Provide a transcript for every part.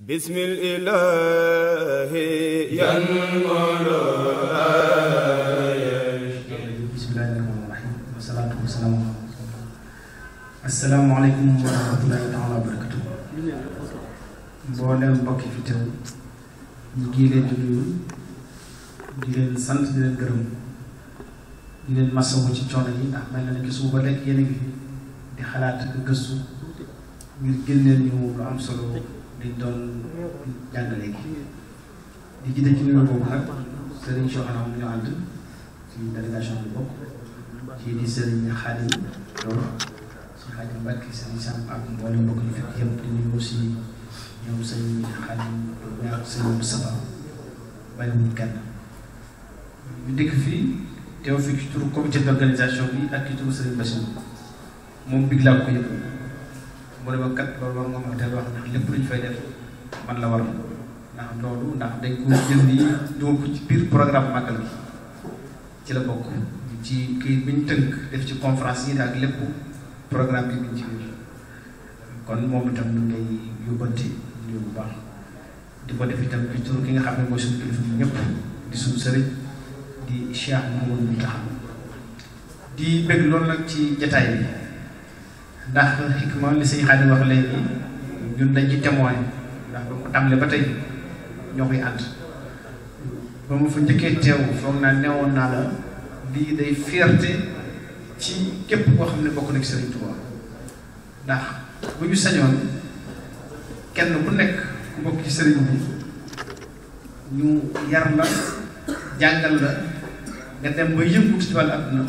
باسم الإله ينقل بسم الله الرحمن الرحيم والصلاة السلام عليكم ورحمة الله تعالى وبركاته. بولم بكي في تو جيل جلو جيل سنت جيل كرم جيل مسوي شيء شوني أحمل لك سو بلك يعني دخلات كسو جيل نيو أمسلو liñ doon jàng léegi di jiite ci nuyoo boobu nag Serigne Soxna mu ñu ànd ci délégation bi bokk ci di Serigne Xaadim loolu si Xaadim Mbacke Serigne Sam ak mboolem mbokk ñu fekk yëpp di nuyu aussi ñoom Serigne Xaadim ñaar Serigne Moustapha bàyyiwuñu kenn ñu dëkk fii teew fii ci turu comité d' organisation bi ak ci turu Serigne Bassirou moom big laa ko yëpp mu ne kat loolu war nga mën wax ndax lépp luñ fay def man la war ndax loolu ndax dañ ko jël ko ci programme gi ci la ci biñ def ci conférence yi programme bi biñ ci kon ñu ngay ñu bu baax di ko def itam ci tur ki nga xam ne mooy suñu kilifa ñëpp di sëriñ di cheikh Mouhamadou di bëgg loolu nag ci bi ndax xikma li sëñ Xaadim wax léegi ñun dañuy témoin ndax ba mu tàmbalee ba tey ñoo koy ànd ba mu fa njëkkee teew foog naa neewoon naa la lii day fierté ci képp koo xam ne bokk na ci Sëriñ ndax bu ñu sañoon kenn ku nekk ku bokk ci sëriñ bi ñu yar la jàngal la nga dem ba yëngu ci wàllu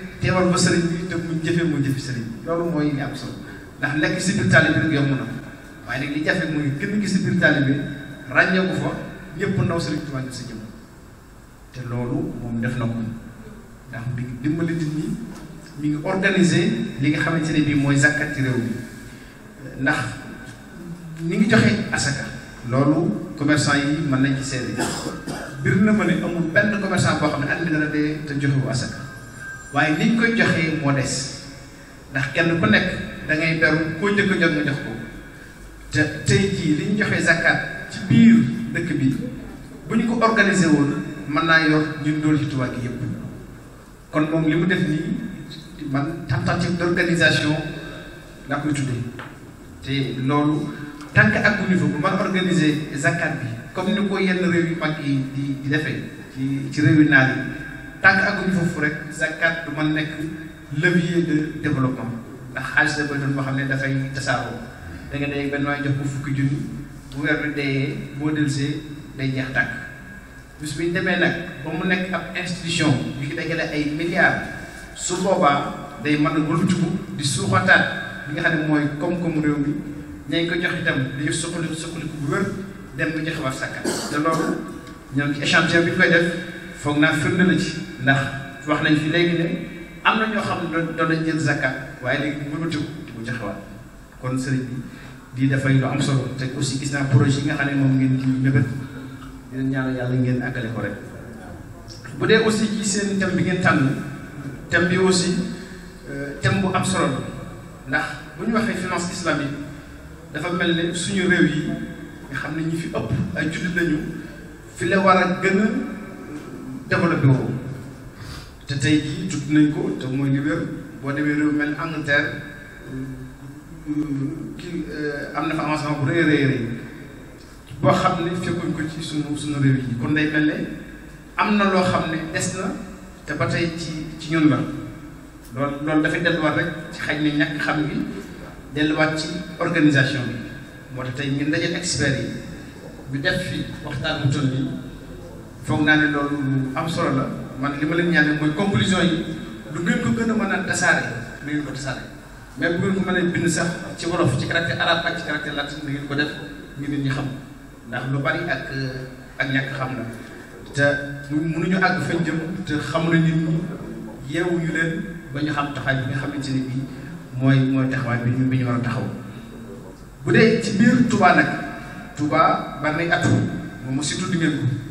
teewal ba sëriñ bi te mu jëfee mu jëfi sëriñ loolu mooy li am solo ndax lekk si biir taalibe bi rek yomb na waaye nag li jafe mooy gën gi si biir bi ràññee ko fa ndaw sëriñ Tuubaa ngir sa loolu moom def na ko ndax mi ngi dimbali nit mi ngi organiser li nga xamante ne bii mooy zakkat ci réew mi ndax ni ngi joxe asaka loolu commerçant yi mën nañ ci seede bir na ma ne amul benn commerçant boo xam ne at mi dana dee te joxewu asaka waaye niñ koy joxee moo des ndax kenn ku nekk da ngay beru koo njëkk a jot nga jox ko te tey jii li joxe joxee zakat ci biir dëkk bi bu ñu ko organisé woon mën naa yor ñun dool ci Tuubaa yëpp kon moom li mu def nii man tentative d'organisation laa koy tuddee te loolu tant que ak bu bu man organiser zakat bi comme ni ko yenn réew yu mag yi di di defee ci ci réew yu naan yi tant que àgguñu foofu rek zakat du mën nekk levier de développement ndax xaalis la ba doon boo xam ne dafay tasaaroo da nga day benn waay jox ko fukki junni bu weer bi dee boo dellusee day jeex tàkk bis bi ñu demee nag ba mu nekk ab institution yu ci dajale ay milliards su boobaa day mën a wëlbatiku di suuxataat li nga xam ne mooy koom-koomu réew mi ñañ ko jox itam dañu suqali suqali bu wér dem ba joxe waat zakat te loolu ñoom ci échantillon bi ñu koy def. فوق نا فرنا لشي نخ واحنا في ليك نم أمنا نيو خام دون دون جن زكاة وعلي مبتو مجخوا كون سري دي دفع يلو أمسر تكوسي كسنا بروجينا خاني ممكن نبت ين نيال يالين أكل خورك بدي أوسي كيسن تنبين تام تنبي أوسي تنبو أمسر نخ بني واحد في ناس إسلامي دفع مل سنو روي خام نيو في أب أجود نيو في لوارا جنون développé woo te tey jii tudd nañ ko te mooy li boo demee réew mel Angleterre kii euh, am na fa avancement bu rëy rëy rëy boo xam ne fekkuñ ko ci sunu sunu réew yi kon day mel ne am na loo xam ne est na te ba tey ci ci ñun la lool loolu dafay delluwaat rek xaj ne ñàkk xam bi delluwaat ci organisation bi moo tax tey ñu dajale experts yi ñu def fi waxtaan bu toll nii foog naa ne loolu am solo la man li ma leen ñaanee mooy conclusion yi lu ngeen ko gën a mën a tasaare lu ngeen ko tasaare même bu ngeen ko mënee bind sax ci wolof ci caractère arabe ak ci caractère latin da ngeen ko def ngir nit ñi xam ndax lu bari ak ak xam na te fañ jëm te xamul nit yeewu ñu xam taxawaay bi nga xamante ne bii mooy mooy taxawaay bi ñu bi ñu war a taxaw bu dee ci biir Touba nag Touba bari nañ attu moom mu surtout di ngeen ko.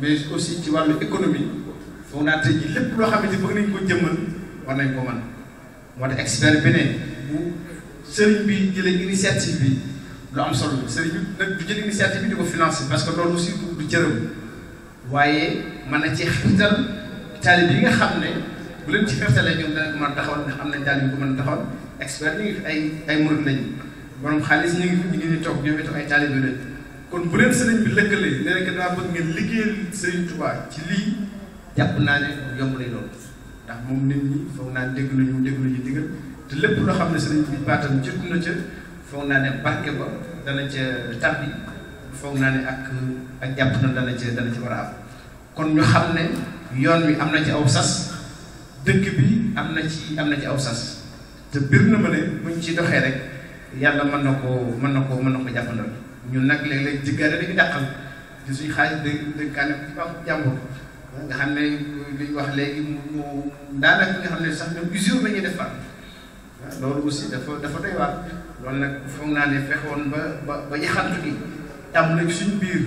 mais aussi ci wàllu économie foog naa tey jii lépp loo xam xamante bëgg nañ ko jëmmal war nañ ko mën moo tax expert bi ne bu sëriñ bi jëlee initiative bi lu am solo sëriñ bi nag du jël initiative bi di ko financer parce que loolu aussi du cëram waaye man na ci xirtal taalib yi nga xam ne bu leen ci xirtalee ñoom dana ko a taxawal ndax am nañ taalib yu ko mën expert ñu ngi ay ay murid lañu borom xaalis ñu ngi fi ñu ngi ay taalib yu lañu kon bu leen sëriñ bi lëkkalee nee na daa bëgg ngeen liggéeyal sëriñ Tuubaa ci lii jàpp naa ne yomb lay doon ndax moom nit ñi foog naa dégg nañu dégg nañu digal te lépp loo xam ne sëriñ bi baatam jot na ca foog naa ne barke ba dana ca tabbi foog naa ne ak ak jàpp na dana ca dana ca war a am kon ñu xam ne yoon wi am na ci aw sas dëkk bi am na ci am na ci aw sas te bir na ma ne buñ ci doxee rek yàlla mën na koo mën na koo mën na ko jàppandal ñun nag léeg-léeg jigéen dañu dàqal ci suñu xaalis day day kaan ci ba jàmbur nga xam ne li ñu wax léegi mu mu daanaka nga xam ne sax ñoom usure la ñuy def ba loolu aussi dafa dafa doy waar loolu nag foog naa ne fexoon ba ba ba yaxantu gi tàmm na ci suñu biir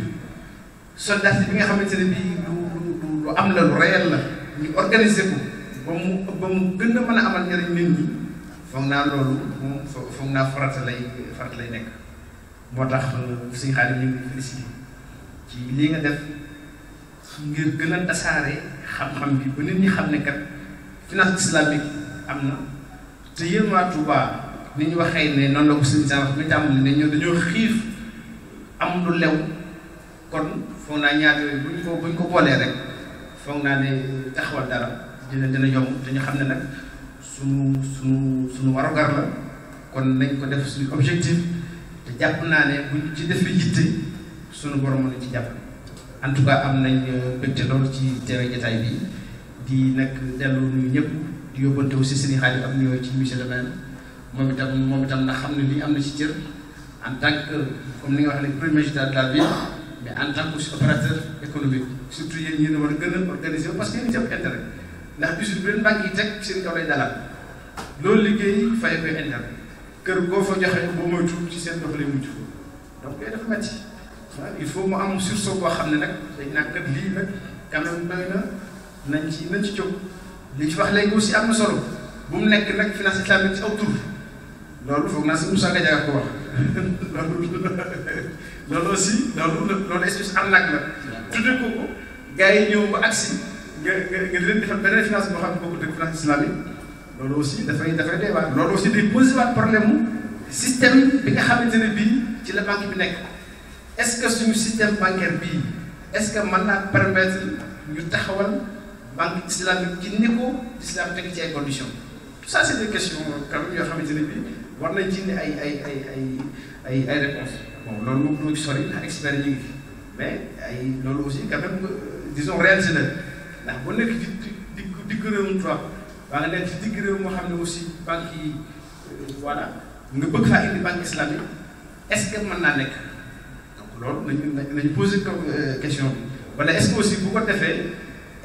soldat bi nga xamante ne bii lu lu am la lu réel la ñu organiser ko ba mu ba mu gën a mën a amal njëriñ nit ñi foog naa loolu moom foog naa farata lay farata lay nekk. moo tax suñu xaalis ñu ngi félicité ci lii nga def ngir gën a tasaare xam-xam bi ba nit ñi xam ne kat finance islamique am na te yéen waa Touba ni waxee ne noonu la ko suñu sànq ñu tàmbali ne ñoo dañoo xiif am lu lew kon foog naa ñaar yooyu buñ ko buñ ko boolee rek foog naa ne taxawal dara dina dina yomb te ñu xam ne nag suñu suñu suñu warugar la kon nañ ko def suñu objectif. te jàpp naa ne buñ ci defee yitte sunu borom mën ci jàpp en tout cas am nañ euh, lool ci bi di nag delloo nuyu ñëpp di yóbbante aussi seen i xaalis am nuyoo ci monsieur le maire moom itam moom itam ndax xam ne lii am na ci cër en tant que comme ni nga wax ne premier jital de la ville mais en tant que aussi opérateur économique surtout yéen yéen war a gën a organiser parce que yéen itam intérêt ndax banque yi teg seen kaw lay dalal loolu liggéey fay koy intérêt kër goo fa joxe ba moytuwul ci seen dox lay mujj donc yooyu dafa métti waaw il faut mu am sursaut boo xam ne nag dañ naan kat lii nag quand même doy na nañ ci nañ ci jóg li ci wax léegi aussi am na solo bu mu nekk nag finance islamique ci aw tur loolu foog naa si Moussa Gadia ko wax loolu loolu aussi loolu loolu espèce arnaque la. tudde ko ko gars yi ñëw ba agsi nga nga nga leen defal beneen finance boo xam ne bokkul ak finance islamique. loolu aussi dafay dafay doy waar loolu aussi day posé waat problème mu système bi nga xamante ne bii ci la banque bi nekk est-ce que suñu système bancaire bii est-ce que mën naa permettre ñu taxawal banque islamique ci ni ko islam teg ci ay conditions tout ça c'est des questions euh, quand même yoo xamante ne bii war nañ ci ay ay ay ay ay ay réponse bon loolu moom doo ci sori ndax experts ñu ngi mais ay loolu aussi quand même euh, disons réalisé na ndax bu nekk di di di gërëm quoi waa nga nekk ci digg réew moo xam ne aussi banque yi euh, voilà nga bëgg faa indi banque islamique est-ce que mën naa nekk donc loolu nañu nañu posé euh, question bi wala est-ce que aussi bu ko defee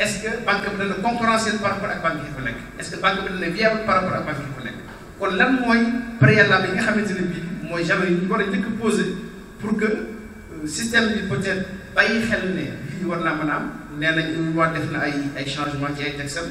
est-ce que banque bi dana concurrentielle par rapport ak banque yi fa nekk est-ce que banque bi dana viable par rapport ak banque yi fa nekk kon lan mooy préalable yi nga xamante ne bii mooy jamais ñu war a njëkk posé pour que euh, système bi peut-être bàyyi xel ne lii war naa mën a am nee nañ waa def na ay ay changement ci ay textes